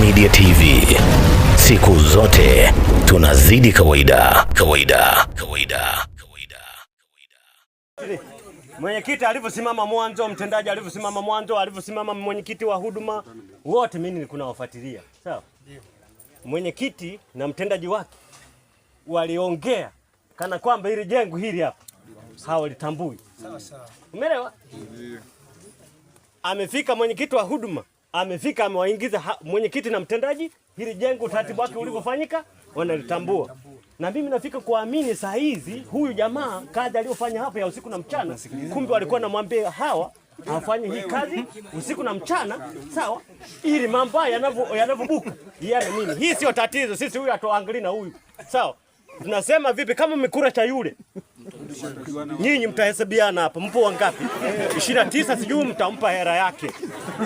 Media TV, siku zote tunazidi kawaida kawaida kawaida kawaida. Mwenyekiti alivyosimama mwanzo, mtendaji alivyosimama mwanzo, alivyosimama mwenyekiti wa huduma wote, mimi nilikuwa nawafuatilia sawa. Mwenyekiti na mtendaji wake waliongea kana kwamba hili jengo hili hapa hawalitambui, umeelewa? Amefika mwenyekiti wa huduma amefika amewaingiza mwenyekiti na mtendaji, hili jengo utaratibu wake ulivyofanyika wanalitambua, na mimi nafika kuamini saa hizi huyu jamaa kazi aliyofanya hapa ya usiku na mchana, kumbe walikuwa namwambia hawa afanye hii kazi usiku na mchana, sawa, ili mambo haya yanavyobuka yana nini. Hii sio tatizo, sisi huyu hatuangalii na huyu, sawa. Tunasema vipi kama mikura cha yule Nyinyi mtahesabiana hapa, mpo wangapi? ishirini na tisa, sijui mtampa hera yake.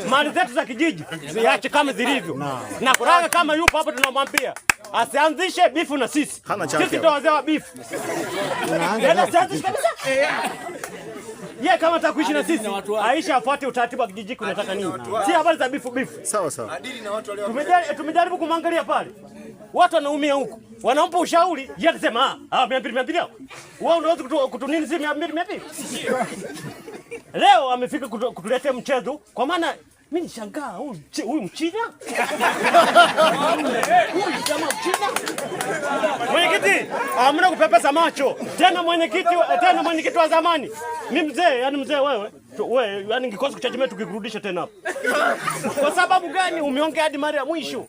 Mali zetu za kijiji ziache kama zilivyo, na Kuraga kama yupo hapo, tunamwambia asianzishe bifu na sisi. Sisi ndio wazee wa bifu, yaani kabisa Ye kama nataka kuishi na sisi Aisha afuate utaratibu wa kijiji. Kunataka nini? Si habari za bifu bifu. Sawa sawa. Tumejaribu kumwangalia pale watu wanaumia huku, wanampa ushauri yeye akisema ah, mia mbili mia mbili hao wewe unaweza kutu, kutu nini? si mia mbili mia mbili leo amefika kutu, kutuletea mchezo kwa maana mimi nishangaa huyu Mchina huyu jamaa Mchina. Mwenyekiti, amna kupepesa macho tena, mwenyekiti tena, mwenyekiti wa zamani. Mimi mzee, yani mzee wewe wewe, yani ngikosa kuchachimia tukikurudisha tena hapo. Kwa sababu gani umeongea hadi mara ya mwisho?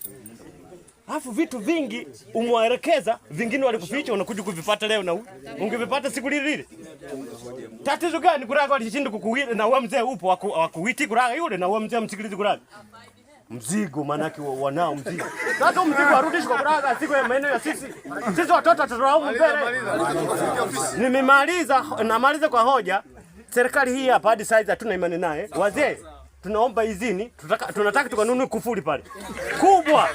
Alafu vitu vingi umwaelekeza, vingine walikuficha unakuja kuvipata leo na ungevipata siku lile lile. Tatizo gani kuraga alishinda kukuwita na wewe mzee upo wakuiti kuraga yule na wewe mzee msikilizi kuraga. Mzigo manake wanao mzigo. Sasa mzigo arudishi kwa kuraga siku ya maeneo ya sisi. Sisi watoto tutaraumu mbele. Nimemaliza namaliza kwa hoja. Serikali hii hapa hadi saizi hatuna imani naye. Wazee tunaomba izini, tunataka tukanunue kufuli pale kubwa.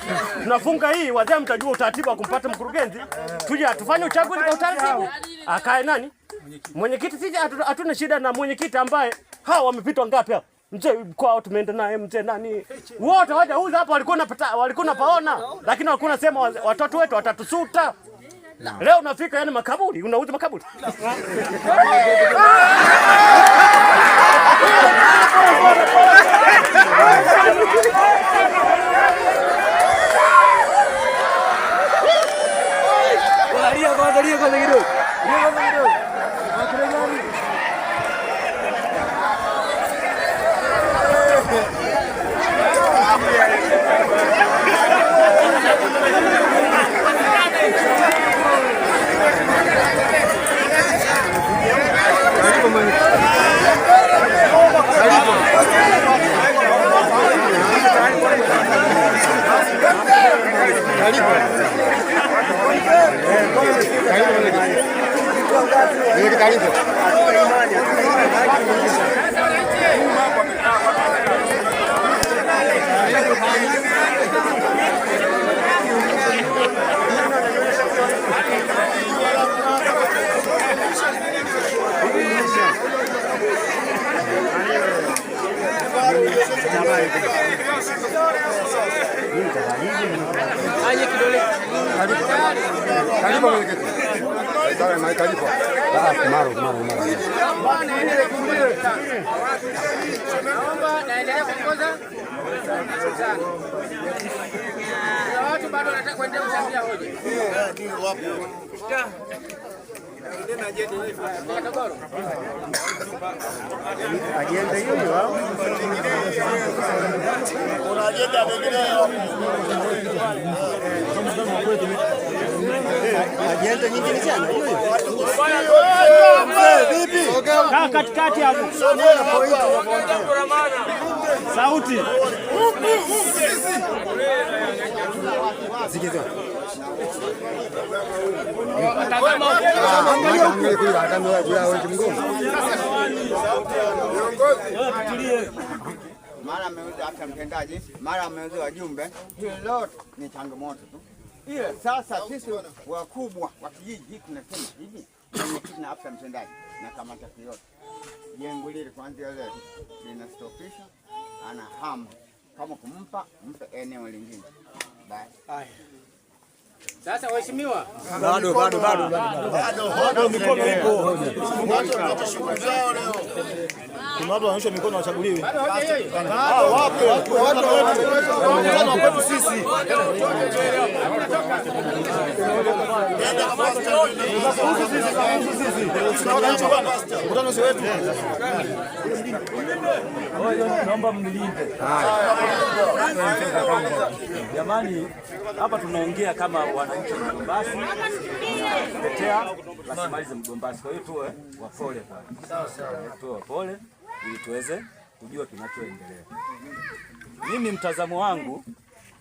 Tunafunga hii, wazee mtajua utaratibu wa kumpata mkurugenzi, tuje atufanye uchaguzi kwa utaratibu, akae nani mwenyekiti. Sisi hatuna shida na mwenyekiti ambaye hawa wamepitwa ngapi hapa Mzee watu tumeenda naye mzee nani wote waje hawajauza hapa, walikuwa napata walikuwa napaona, lakini walikuwa nasema watoto wetu watatusuta. Leo unafika yani makaburi, unauza makaburi Darío, Darío, Darío, Darío. naomba naendelea kuongoza sana. watu bado wanataka kuendelea kuchangia hoja ajenda hiyo kuna ajenda nyingine? ajenda nyingine sana hiyo Vipi kaa katikati hapo, sauti mara ameuza mtendaji, mara ameuza wajumbe, hilo ni changamoto tu. Ila sasa sisi wakubwa wa kijiji hiki tunasema hivi, mwenyekiti na afisa mtendaji na kamata yote, jengo lile kuanzia leo linastopisha, ana hamu kama kumpa mpe eneo lingine. Basi sasa, waheshimiwa, bado bado bado bado mikono ipo, kuna watu wanaonyesha mikono, wachaguliwe wapo watu wetu Naomba mnilinde jamani, hapa tunaongea kama wananchi wa Mgombasi, tetea rasilimali za Mgombasi. Kwa hiyo tuwe wapole, tuwe wapole ili tuweze kujua kinachoendelea. Mimi mtazamo wangu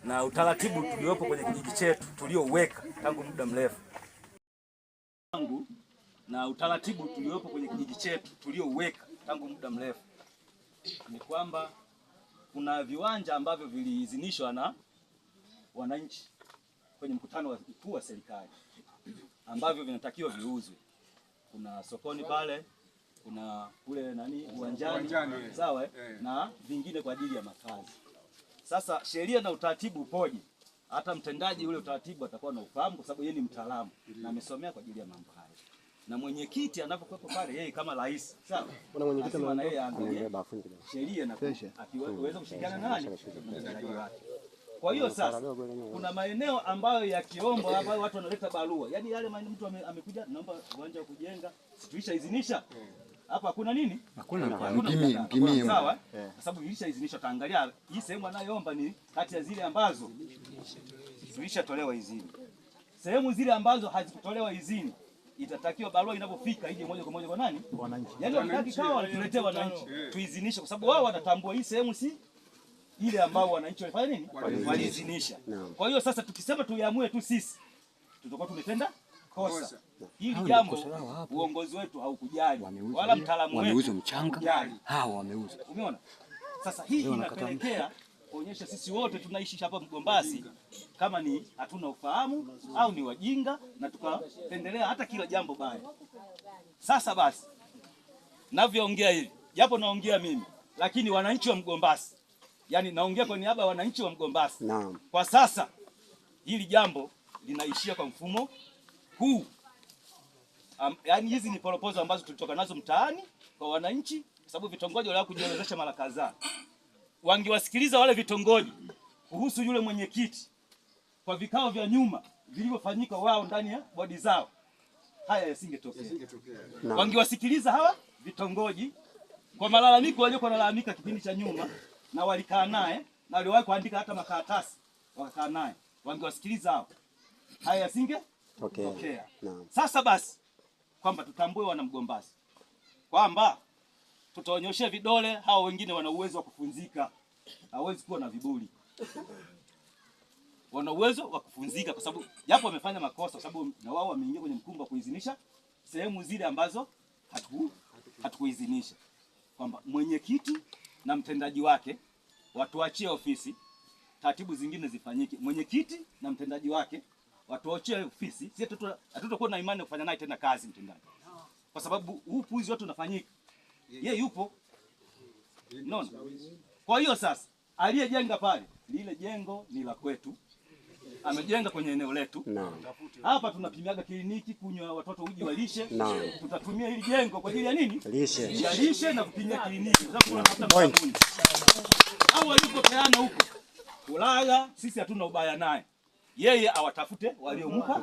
na utaratibu tuliopo kwenye kijiji chetu tuliouweka tangu muda mrefu na utaratibu tuliopo kwenye kijiji chetu tuliouweka tangu muda mrefu ni kwamba kuna viwanja ambavyo viliidhinishwa na wananchi kwenye mkutano mkuu wa serikali ambavyo vinatakiwa viuzwe. Kuna sokoni pale, kuna kule nani uwanjani, sawa, eh. na vingine kwa ajili ya makazi. Sasa sheria na utaratibu upoje? Hata mtendaji ule utaratibu atakuwa na ufahamu, kwa sababu yeye ni mtaalamu na amesomea kwa ajili ya mambo hayo, na mwenyekiti anapokuwepo pale, yeye kama rais, sawa, kuna mwenyekiti na yeye sheria na akiweza kushirikiana nani mtendaji wake. Kwa hiyo sasa, kuna maeneo ambayo yakiomba, hapa watu wanaleta barua, yaani yale mtu amekuja, naomba uwanja wa kujenga, situisha izinisha hmm. Hapa hakuna nini? Hakuna mpimie mpimie. Sawa? Kwa eh. sababu ilishaidhinishwa taangalia hii sehemu anayoomba ni kati ya zile ambazo zilishatolewa izini. Sehemu zile ambazo hazikutolewa izini itatakiwa barua inapofika ije moja kwa moja kwa nani? Wananchi. Yaani wakati kawa wanatuletea wananchi eh. tuizinishe kwa sababu wao wanatambua hii sehemu si ile ambao wananchi walifanya nini? Waliidhinisha. Kwa hiyo sasa tukisema tuiamue tu sisi tutakuwa tumetenda kosa. Hili jambo uongozi wetu haukujali wala mtaalamu wetu wameuza mchanga hao wameuza. Umeona? Sasa hii inapelekea kuonyesha sisi wote tunaishi hapa Mgombasi kama ni hatuna ufahamu au ni wajinga na tukapendelea hata kila jambo baya. Sasa basi navyoongea hivi, japo naongea mimi, lakini wananchi wa Mgombasi, yani naongea kwa niaba ya wananchi wa Mgombasi. Naam. Kwa sasa hili jambo linaishia kwa mfumo huu Um, yani hizi ni proposal ambazo tulitoka nazo mtaani kwa wananchi, kwa sababu vitongoji waliwa kujielezesha mara kadhaa. Wangewasikiliza wale vitongoji kuhusu yule mwenyekiti kwa vikao vya nyuma vilivyofanyika wao ndani ya bodi zao, haya yasingetokea. No. Wangewasikiliza hawa vitongoji kwa malalamiko waliokuwa wanalalamika kipindi cha nyuma, na walikaa naye na waliwahi kuandika hata makaratasi wakakaa naye, wangewasikiliza hao, haya yasingetokea. Okay. No. Sasa basi kwamba tutambue wana Mgombasi, kwamba tutaonyesha vidole hao wengine wana uwezo wa kufunzika, hawezi kuwa na viburi, wana uwezo wa kufunzika, kwa sababu japo wamefanya makosa, kwa sababu na wao wameingia kwenye mkumbo wa kuidhinisha sehemu zile ambazo hatu kwamba mwenyekiti na mtendaji wake watuachie ofisi, taratibu zingine zifanyike, mwenyekiti na mtendaji wake watuachie ofisi, sisi hatutakuwa na imani kufanya naye tena kazi mtendaji, kwa sababu huu puizi watu unafanyika, ye yupo non. Kwa hiyo sasa aliyejenga pale lile jengo ni la kwetu, amejenga kwenye eneo letu no. Hapa tunapimiaga kliniki, kunywa watoto uji walishe no. Tutatumia hili jengo kwa ajili ya nini? Lishe ya lishe na kupimia kliniki au walipopeana huko kulala, sisi hatuna ubaya naye yeye awatafute waliomka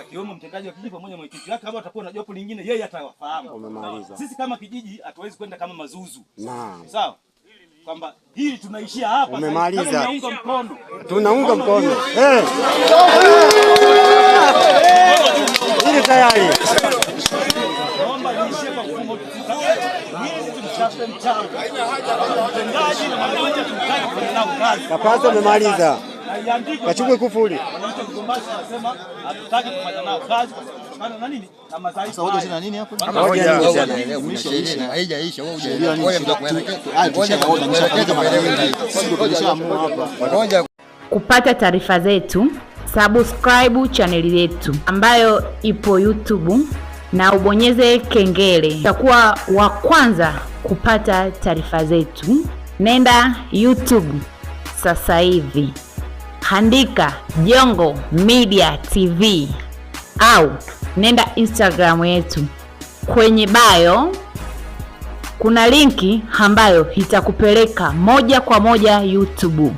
akiwemo mtendaji wa kijiji pamoja na mwenyekiti wake, kama atakuwa na jopo lingine yeye atawafahamu. Sisi kama kijiji hatuwezi kwenda kama mazuzu, sawa kwamba hili tunaishia hapa. Umemaliza, tunaunga mkono, tunaunga mkono eh. hili tayari. Naomba kwa Kapasa umemaliza kachukue kufuli kupata taarifa zetu, subscribe chaneli yetu ambayo ipo YouTube na ubonyeze kengele, utakuwa wa kwanza kupata taarifa zetu. Nenda YouTube sasa hivi andika Jongo Media TV au nenda Instagram yetu kwenye bio kuna linki ambayo itakupeleka moja kwa moja YouTube.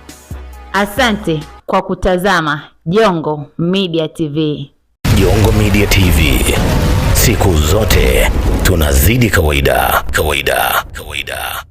Asante kwa kutazama Jongo Media TV. Jongo Media TV, siku zote tunazidi kawaida, kawaida, kawaida.